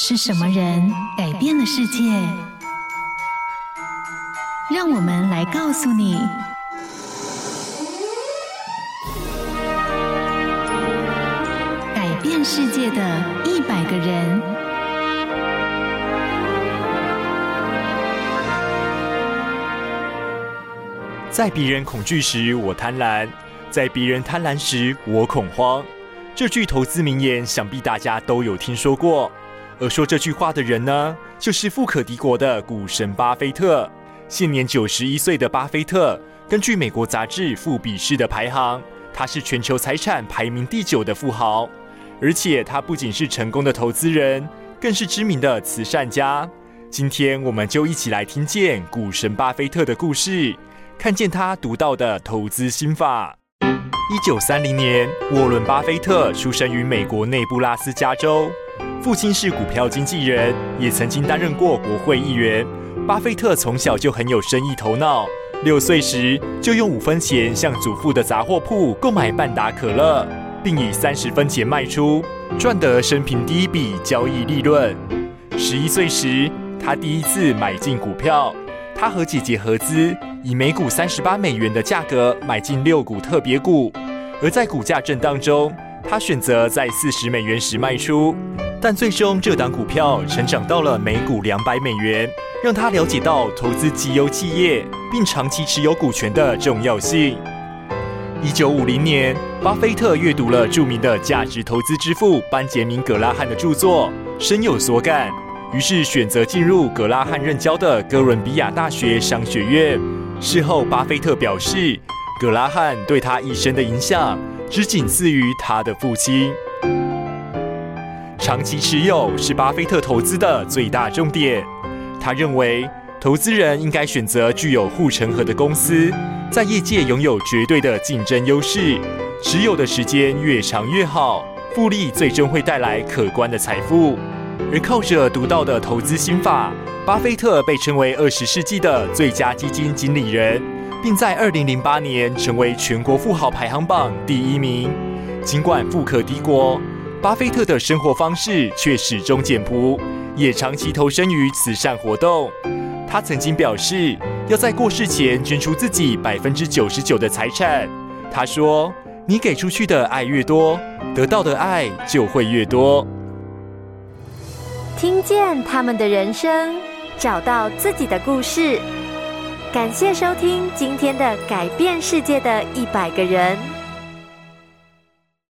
是什麼人改變了世界？讓我們來告訴你：改變世界的一百個人。在別人恐懼時，我貪婪；在別人貪婪時，我恐慌。這句投資名言，想必大家都有聽說過。而說這句話的人呢，就是富可敵國的股神巴菲特。現年九十一歲的巴菲特，根據美國雜誌《富比世》的排行，他是全球財產排名第九的富豪。而且，他不僅是成功的投資人，更是知名的慈善家。今天，我們就一起來聽見股神巴菲特的故事，看見他獨到的投資心法。一九三零年，沃倫·巴菲特出生於美國內布拉斯加州。父親是股票經紀人，也曾經擔任過國會議員。巴菲特從小就很有生意頭腦，六歲時就用五分錢向祖父的雜貨鋪購買半打可樂，並以三十分錢賣出，賺得生平第一筆交易利潤。十一歲時，他第一次買進股票，他和姐姐合資，以每股三十八美元的價格買進六股特別股，而在股價震盪中，他選擇在四十美元時賣出。但最終，這檔股票成長到了每股兩百美元，讓他了解到投資績優企業並長期持有股權的重要性。一九五零年，巴菲特閱讀了著名的價值投資之父班傑明·格拉漢的著作，深有所感，於是選擇進入格拉漢任教的哥倫比亞大學商學院。事後，巴菲特表示，格拉漢對他一生的影響，只僅次於他的父親。長期持有是巴菲特投資的最大重點。他認為，投資人應該選擇具有護城河的公司，在業界擁有絕對的競爭優勢。持有的時間越長越好，複利最終會帶來可觀的財富。而靠着獨到的投資心法，巴菲特被稱為二十世紀的最佳基金經理人，並在二零零八年成為全國富豪排行榜第一名。儘管富可敵國，巴菲特的生活方式卻始終簡樸，也長期投身於慈善活動。他曾經表示，要在過世前捐出自己百分之九十九的財產。他說：“你給出去的愛越多，得到的愛就會越多。”聽見他們的人生，找到自己的故事。感謝收聽今天的《改變世界的一百個人》。